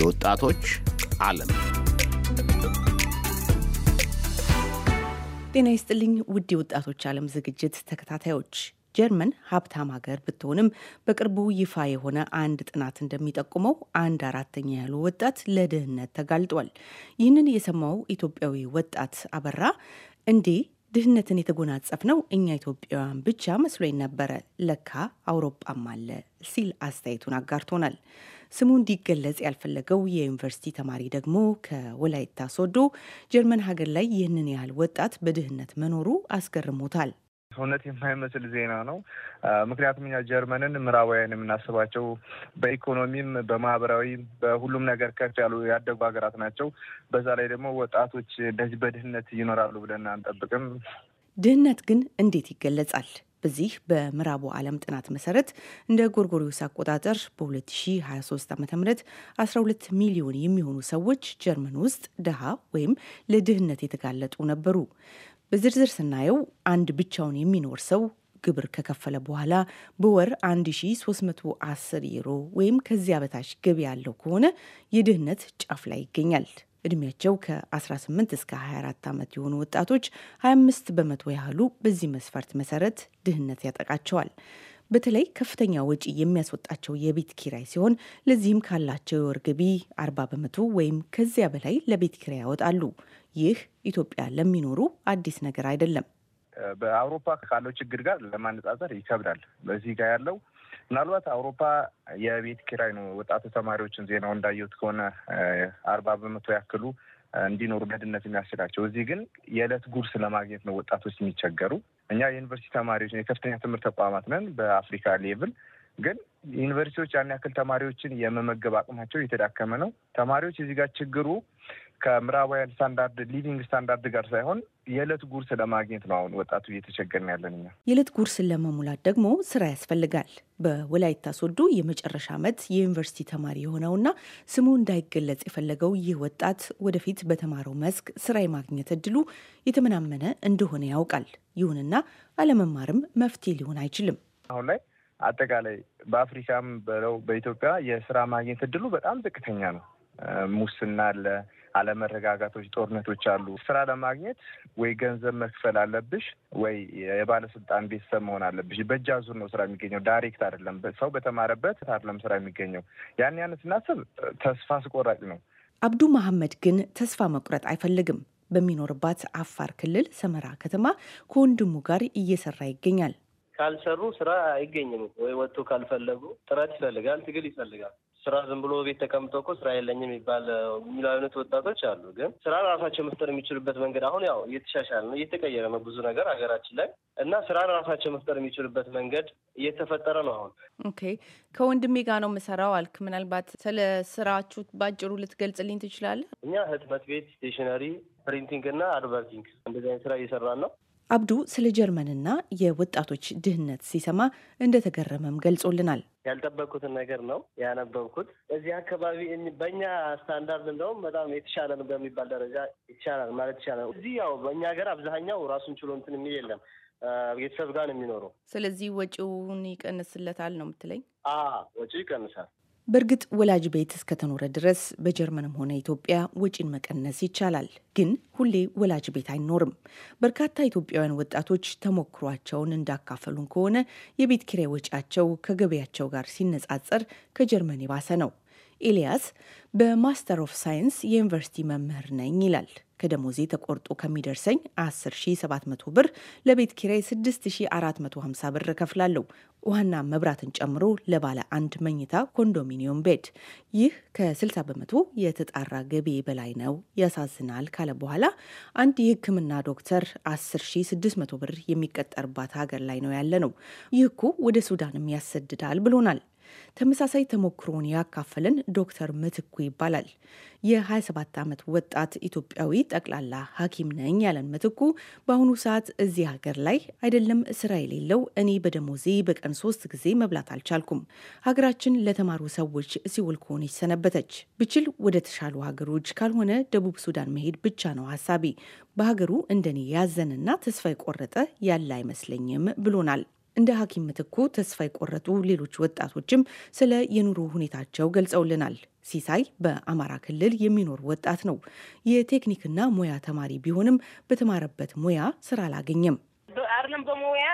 የወጣቶች ዓለም ጤና ይስጥልኝ። ውድ የወጣቶች ዓለም ዝግጅት ተከታታዮች ጀርመን ሀብታም ሀገር ብትሆንም በቅርቡ ይፋ የሆነ አንድ ጥናት እንደሚጠቁመው አንድ አራተኛ ያሉ ወጣት ለድህነት ተጋልጧል። ይህንን የሰማው ኢትዮጵያዊ ወጣት አበራ እንዴ ድህነትን ነው እኛ ኢትዮጵያውያን ብቻ መስሎኝ ነበረ፣ ለካ አውሮጳም አለ ሲል አስተያየቱን አጋርቶናል። ስሙ እንዲገለጽ ያልፈለገው የዩኒቨርሲቲ ተማሪ ደግሞ ከወላይታ ሶዶ ጀርመን ሀገር ላይ ይህንን ያህል ወጣት በድህነት መኖሩ አስገርሞታል። እውነት የማይመስል ዜና ነው። ምክንያቱም እኛ ጀርመንን ምዕራባውያን የምናስባቸው በኢኮኖሚም፣ በማህበራዊ በሁሉም ነገር ከፍ ያሉ ያደጉ ሀገራት ናቸው። በዛ ላይ ደግሞ ወጣቶች እንደዚህ በድህነት ይኖራሉ ብለን አንጠብቅም። ድህነት ግን እንዴት ይገለጻል? በዚህ በምዕራቡ ዓለም ጥናት መሰረት እንደ ጎርጎሪዮስ አቆጣጠር በ2023 ዓ ም 12 ሚሊዮን የሚሆኑ ሰዎች ጀርመን ውስጥ ድሃ ወይም ለድህነት የተጋለጡ ነበሩ። በዝርዝር ስናየው አንድ ብቻውን የሚኖር ሰው ግብር ከከፈለ በኋላ በወር 1310 ዩሮ ወይም ከዚያ በታች ገቢ ያለው ከሆነ የድህነት ጫፍ ላይ ይገኛል። እድሜያቸው ከ18 እስከ 24 ዓመት የሆኑ ወጣቶች 25 በመቶ ያህሉ በዚህ መስፈርት መሰረት ድህነት ያጠቃቸዋል። በተለይ ከፍተኛ ወጪ የሚያስወጣቸው የቤት ኪራይ ሲሆን ለዚህም ካላቸው የወር ገቢ 40 በመቶ ወይም ከዚያ በላይ ለቤት ኪራይ ያወጣሉ። ይህ ኢትዮጵያ ለሚኖሩ አዲስ ነገር አይደለም። በአውሮፓ ካለው ችግር ጋር ለማነጻጸር ይከብዳል። በዚህ ጋር ያለው ምናልባት አውሮፓ የቤት ኪራይ ነው። ወጣቱ ተማሪዎችን ዜናው እንዳየሁት ከሆነ አርባ በመቶ ያክሉ እንዲኖሩ በድነት የሚያስችላቸው፣ እዚህ ግን የዕለት ጉርስ ለማግኘት ነው ወጣቶች የሚቸገሩ። እኛ የዩኒቨርሲቲ ተማሪዎች የከፍተኛ ትምህርት ተቋማት ነን በአፍሪካ ሌቭል ግን ዩኒቨርሲቲዎች ያን ያክል ተማሪዎችን የመመገብ አቅማቸው እየተዳከመ ነው። ተማሪዎች እዚህ ጋር ችግሩ ከምዕራባውያን ስታንዳርድ ሊቪንግ ስታንዳርድ ጋር ሳይሆን የዕለት ጉርስ ለማግኘት ነው አሁን ወጣቱ እየተቸገርን ያለን። እኛ የዕለት ጉርስን ለመሙላት ደግሞ ስራ ያስፈልጋል። በወላይታ ሶዶ የመጨረሻ ዓመት የዩኒቨርሲቲ ተማሪ የሆነውና ስሙ እንዳይገለጽ የፈለገው ይህ ወጣት ወደፊት በተማረው መስክ ስራ የማግኘት እድሉ የተመናመነ እንደሆነ ያውቃል። ይሁንና አለመማርም መፍትሄ ሊሆን አይችልም። አሁን ላይ አጠቃላይ በአፍሪካም በለው በኢትዮጵያ የስራ ማግኘት እድሉ በጣም ዝቅተኛ ነው። ሙስና አለ አለመረጋጋቶች፣ ጦርነቶች አሉ። ስራ ለማግኘት ወይ ገንዘብ መክፈል አለብሽ ወይ የባለስልጣን ቤተሰብ መሆን አለብሽ። በእጅ አዙር ነው ስራ የሚገኘው፣ ዳይሬክት አይደለም። ሰው በተማረበት አይደለም ስራ የሚገኘው። ያን ያን ስናስብ ተስፋ አስቆራጭ ነው። አብዱ መሐመድ ግን ተስፋ መቁረጥ አይፈልግም። በሚኖርባት አፋር ክልል ሰመራ ከተማ ከወንድሙ ጋር እየሰራ ይገኛል። ካልሰሩ ስራ አይገኝም ወይ ወጥቶ ካልፈለጉ ጥረት ይፈልጋል፣ ትግል ይፈልጋል። ስራ ዝም ብሎ ቤት ተቀምጦ እኮ ስራ የለኝም የሚባል የሚሉ አይነት ወጣቶች አሉ። ግን ስራ ራሳቸው መፍጠር የሚችሉበት መንገድ አሁን ያው እየተሻሻለ ነው፣ እየተቀየረ ነው ብዙ ነገር ሀገራችን ላይ እና ስራ ራሳቸው መፍጠር የሚችሉበት መንገድ እየተፈጠረ ነው። አሁን ኦኬ፣ ከወንድሜ ጋር ነው የምሰራው አልክ። ምናልባት ስለ ስራችሁ ባጭሩ ልትገልጽልኝ ትችላለህ? እኛ ህትመት ቤት፣ ስቴሽነሪ፣ ፕሪንቲንግ እና አድቨርቲንግ እንደዚህ አይነት ስራ እየሰራን ነው። አብዱ ስለ ጀርመንና የወጣቶች ድህነት ሲሰማ እንደተገረመም ገልጾልናል። ያልጠበቅኩትን ነገር ነው ያነበብኩት። እዚህ አካባቢ በእኛ ስታንዳርድ እንደውም በጣም የተሻለ ነው በሚባል ደረጃ ይቻላል ማለት ይቻላል። እዚህ ያው በእኛ ሀገር አብዛኛው ራሱን ችሎ እንትን የሚል የለም ቤተሰብ ጋር ነው የሚኖረው። ስለዚህ ወጪውን ይቀንስለታል ነው የምትለኝ? ወጪው ይቀንሳል በእርግጥ ወላጅ ቤት እስከተኖረ ድረስ በጀርመንም ሆነ ኢትዮጵያ ወጪን መቀነስ ይቻላል። ግን ሁሌ ወላጅ ቤት አይኖርም። በርካታ ኢትዮጵያውያን ወጣቶች ተሞክሯቸውን እንዳካፈሉን ከሆነ የቤት ኪራይ ወጪያቸው ከገበያቸው ጋር ሲነጻጸር ከጀርመን የባሰ ነው። ኤልያስ በማስተር ኦፍ ሳይንስ የዩኒቨርሲቲ መምህር ነኝ ይላል። ከደሞዜ ተቆርጦ ከሚደርሰኝ 10700 ብር ለቤት ኪራይ 6450 ብር ከፍላለሁ። ውሃና መብራትን ጨምሮ ለባለ አንድ መኝታ ኮንዶሚኒየም ቤድ ይህ ከ60 በመቶ የተጣራ ገቢ በላይ ነው፣ ያሳዝናል ካለ በኋላ አንድ የሕክምና ዶክተር 10600 ብር የሚቀጠርባት ሀገር ላይ ነው ያለ ነው። ይህ እኮ ወደ ሱዳንም ያሰድዳል ብሎናል። ተመሳሳይ ተሞክሮውን ያካፈልን ዶክተር ምትኩ ይባላል። የ27 ዓመት ወጣት ኢትዮጵያዊ ጠቅላላ ሐኪም ነኝ ያለን ምትኩ በአሁኑ ሰዓት እዚህ ሀገር ላይ አይደለም ስራ የሌለው እኔ በደሞዜ በቀን ሶስት ጊዜ መብላት አልቻልኩም። ሀገራችን ለተማሩ ሰዎች ሲውል ከሆነች ሰነበተች። ብችል ወደ ተሻሉ ሀገሮች ካልሆነ ደቡብ ሱዳን መሄድ ብቻ ነው ሀሳቢ። በሀገሩ እንደኔ ያዘንና ተስፋ የቆረጠ ያለ አይመስለኝም ብሎናል። እንደ ሐኪም ምትኩ ተስፋ የቆረጡ ሌሎች ወጣቶችም ስለ የኑሮ ሁኔታቸው ገልጸውልናል። ሲሳይ በአማራ ክልል የሚኖር ወጣት ነው። የቴክኒክና ሙያ ተማሪ ቢሆንም በተማረበት ሙያ ስራ አላገኘም። አይደለም በሙያ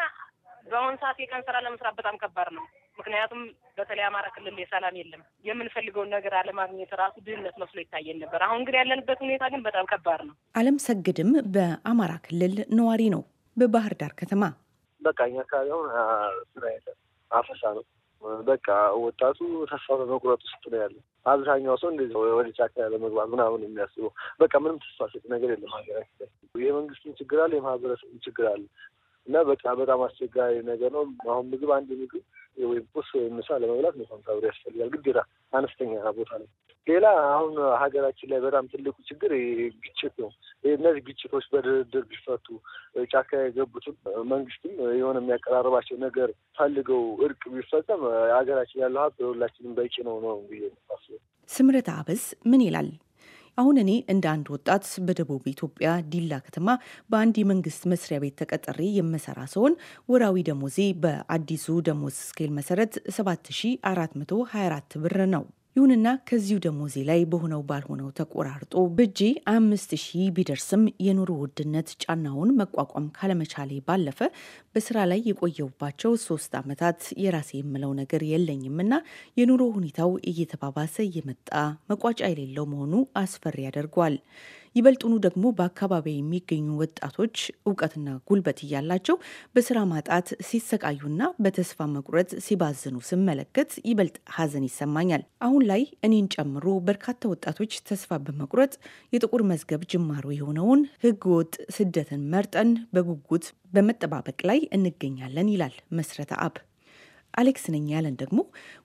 በአሁን ሰዓት የቀን ስራ ለመስራት በጣም ከባድ ነው። ምክንያቱም በተለይ አማራ ክልል የሰላም የለም። የምንፈልገውን ነገር አለማግኘት ራሱ ድህነት መስሎ ይታየን ነበር። አሁን ግን ያለንበት ሁኔታ ግን በጣም ከባድ ነው። አለም ሰግድም በአማራ ክልል ነዋሪ ነው። በባህር ዳር ከተማ በቃ አካባቢ አሁን ስራ የለም፣ አፈሳ ነው። በቃ ወጣቱ ተስፋ በመቁረጥ ውስጥ ነው ያለ። አብዛኛው ሰው እንደዚህ ወደ ጫካ ለመግባት ምናምን የሚያስበው በቃ ምንም ተስፋ ሰጭ ነገር የለም ሀገራችን። የመንግስትን ችግር አለ፣ የማህበረሰብን ችግር አለ እና በቃ በጣም አስቸጋሪ ነገር ነው። አሁን ምግብ አንድ ምግብ ወይም ቁስ ወይም ምሳ ለመብላት ነው ሀምሳ ብር ያስፈልጋል ግዴታ አነስተኛ ቦታ ነው ሌላ አሁን ሀገራችን ላይ በጣም ትልቁ ችግር ግጭት ነው። እነዚህ ግጭቶች በድርድር ቢፈቱ ጫካ የገቡትም መንግስትም የሆነ የሚያቀራርባቸው ነገር ፈልገው እርቅ ቢፈጸም ሀገራችን ያለው ሀብት ለሁላችንም በቂ ነው ነው ብዬ ስምረት አበስ ምን ይላል? አሁን እኔ እንደ አንድ ወጣት በደቡብ ኢትዮጵያ ዲላ ከተማ በአንድ የመንግስት መስሪያ ቤት ተቀጥሬ የምሰራ ሲሆን ወራዊ ደሞዜ በአዲሱ ደሞዝ ስኬል መሰረት 7424 ብር ነው። ይሁንና ከዚሁ ደሞዜ ላይ በሆነው ባልሆነው ተቆራርጦ በእጄ አምስት ሺህ ቢደርስም የኑሮ ውድነት ጫናውን መቋቋም ካለመቻሌ ባለፈ በስራ ላይ የቆየውባቸው ሶስት ዓመታት የራሴ የምለው ነገር የለኝምና የኑሮ ሁኔታው እየተባባሰ እየመጣ መቋጫ የሌለው መሆኑ አስፈሪ ያደርጓል። ይበልጡኑ ደግሞ በአካባቢ የሚገኙ ወጣቶች እውቀትና ጉልበት እያላቸው በስራ ማጣት ሲሰቃዩና በተስፋ መቁረጥ ሲባዝኑ ስመለከት ይበልጥ ሀዘን ይሰማኛል። አሁን ላይ እኔን ጨምሮ በርካታ ወጣቶች ተስፋ በመቁረጥ የጥቁር መዝገብ ጅማሮ የሆነውን ህገወጥ ስደትን መርጠን በጉጉት በመጠባበቅ ላይ እንገኛለን ይላል መስረተ አብ። አሌክስ ነኝ ያለን ደግሞ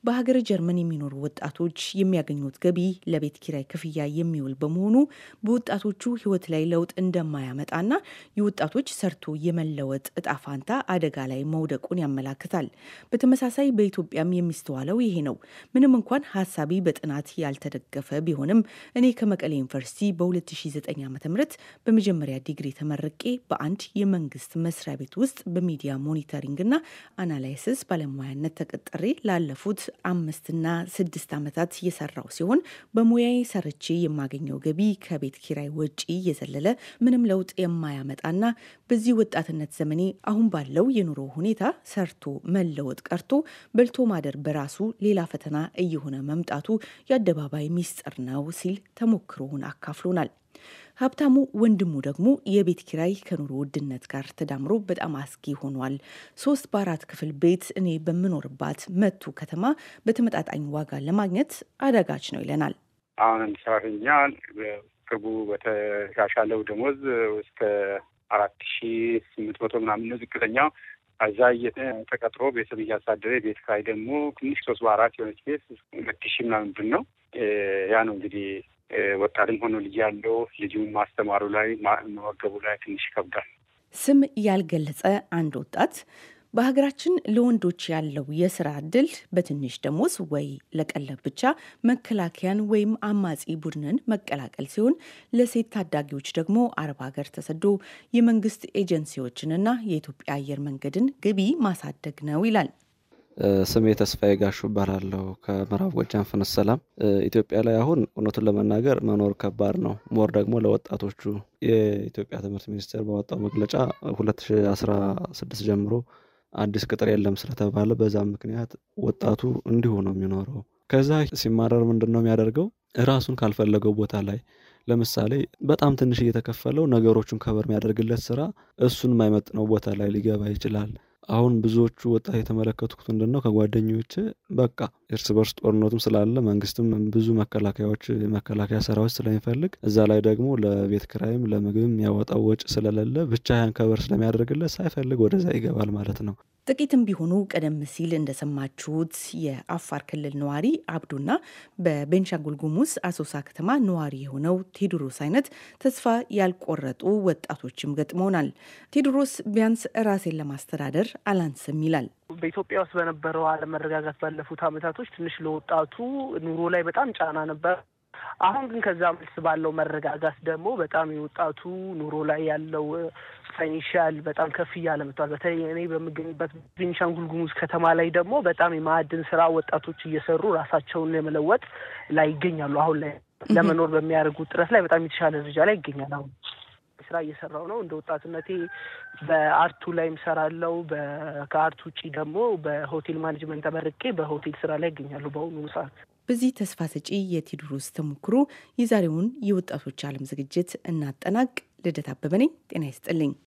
በሀገረ ጀርመን የሚኖሩ ወጣቶች የሚያገኙት ገቢ ለቤት ኪራይ ክፍያ የሚውል በመሆኑ በወጣቶቹ ሕይወት ላይ ለውጥ እንደማያመጣና የወጣቶች ሰርቶ የመለወጥ እጣ ፋንታ አደጋ ላይ መውደቁን ያመላክታል። በተመሳሳይ በኢትዮጵያም የሚስተዋለው ይሄ ነው። ምንም እንኳን ሀሳቢ በጥናት ያልተደገፈ ቢሆንም እኔ ከመቀሌ ዩኒቨርሲቲ በ2009 ዓ ም በመጀመሪያ ዲግሪ ተመርቄ በአንድ የመንግስት መስሪያ ቤት ውስጥ በሚዲያ ሞኒተሪንግ እና አናላይሲስ ባለሙያ በባለሙያነት ተቀጥሬ ላለፉት አምስትና ስድስት ዓመታት የሰራው ሲሆን በሙያዬ ሰርቼ የማገኘው ገቢ ከቤት ኪራይ ወጪ እየዘለለ ምንም ለውጥ የማያመጣና በዚህ ወጣትነት ዘመኔ አሁን ባለው የኑሮ ሁኔታ ሰርቶ መለወጥ ቀርቶ በልቶ ማደር በራሱ ሌላ ፈተና እየሆነ መምጣቱ የአደባባይ ሚስጥር ነው ሲል ተሞክሮውን አካፍሎናል። ሀብታሙ ወንድሙ ደግሞ የቤት ኪራይ ከኑሮ ውድነት ጋር ተዳምሮ በጣም አስጊ ሆኗል። ሶስት በአራት ክፍል ቤት እኔ በምኖርባት መቱ ከተማ በተመጣጣኝ ዋጋ ለማግኘት አዳጋች ነው ይለናል። አሁን አንድ ሰራተኛ ቅርቡ በተሻሻለው ደሞዝ እስከ አራት ሺ ስምንት መቶ ምናምን ነው ዝቅተኛው። እዛ ተቀጥሮ ቤተሰብ እያሳደረ ቤት ኪራይ ደግሞ ትንሽ ሶስት በአራት የሆነች ቤት ሁለት ሺ ምናምን ብን ነው። ያ ነው እንግዲህ ወጣትም ሆኖ ልጅ ያለው ልጁም ማስተማሩ ላይ መመገቡ ላይ ትንሽ ይከብዳል። ስም ያልገለጸ አንድ ወጣት በሀገራችን ለወንዶች ያለው የስራ እድል በትንሽ ደሞዝ ወይ ለቀለብ ብቻ መከላከያን ወይም አማጺ ቡድንን መቀላቀል ሲሆን ለሴት ታዳጊዎች ደግሞ አረብ ሀገር ተሰዶ የመንግስት ኤጀንሲዎችንና የኢትዮጵያ አየር መንገድን ገቢ ማሳደግ ነው ይላል። ስሜ ተስፋዬ ጋሹ እባላለሁ ከምዕራብ ጎጃም ፍኖተ ሰላም። ኢትዮጵያ ላይ አሁን እውነቱን ለመናገር መኖር ከባድ ነው። ሞር ደግሞ ለወጣቶቹ የኢትዮጵያ ትምህርት ሚኒስቴር በወጣው መግለጫ 2016 ጀምሮ አዲስ ቅጥር የለም ስለተባለ በዛም ምክንያት ወጣቱ እንዲሁ ነው የሚኖረው። ከዛ ሲማረር ምንድን ነው የሚያደርገው? ራሱን ካልፈለገው ቦታ ላይ ለምሳሌ በጣም ትንሽ እየተከፈለው ነገሮቹን ከበር የሚያደርግለት ስራ እሱን የማይመጥነው ቦታ ላይ ሊገባ ይችላል። አሁን ብዙዎቹ ወጣት የተመለከትኩት ምንድን ነው ከጓደኞች በቃ እርስ በርስ ጦርነቱም ስላለ መንግስትም ብዙ መከላከያዎች መከላከያ ሰራዊት ስለሚፈልግ እዛ ላይ ደግሞ ለቤት ክራይም ለምግብም ያወጣው ወጪ ስለሌለ ብቻህን ከበር ስለሚያደርግለት ሳይፈልግ ወደዛ ይገባል ማለት ነው። ጥቂትም ቢሆኑ ቀደም ሲል እንደሰማችሁት የአፋር ክልል ነዋሪ አብዱና በቤንሻንጉል ጉሙዝ አሶሳ ከተማ ነዋሪ የሆነው ቴዎድሮስ አይነት ተስፋ ያልቆረጡ ወጣቶችም ገጥመውናል። ቴድሮስ ቢያንስ ራሴን ለማስተዳደር አላንስም ይላል። በኢትዮጵያ ውስጥ በነበረው አለመረጋጋት ባለፉት አመታቶች ትንሽ ለወጣቱ ኑሮ ላይ በጣም ጫና ነበር። አሁን ግን ከዛ መልስ ባለው መረጋጋት ደግሞ በጣም የወጣቱ ኑሮ ላይ ያለው ፋይናንሻል በጣም ከፍ እያለ መጥቷል። በተለይ እኔ በምገኝበት ቤኒሻንጉል ጉሙዝ ከተማ ላይ ደግሞ በጣም የማዕድን ስራ ወጣቶች እየሰሩ ራሳቸውን የመለወጥ ላይ ይገኛሉ። አሁን ላይ ለመኖር በሚያደርጉ ጥረት ላይ በጣም የተሻለ ደረጃ ላይ ይገኛል። አሁን ስራ እየሰራው ነው። እንደ ወጣትነቴ በአርቱ ላይም ሰራለው። ከአርቱ ውጪ ደግሞ በሆቴል ማኔጅመንት ተመርቄ በሆቴል ስራ ላይ ይገኛሉ በአሁኑ ሰዓት። በዚህ ተስፋ ሰጪ የቴዎድሮስ ተሞክሮ የዛሬውን የወጣቶች ዓለም ዝግጅት እናጠናቅ። ልደት አበበ ነኝ። ጤና ይስጥልኝ።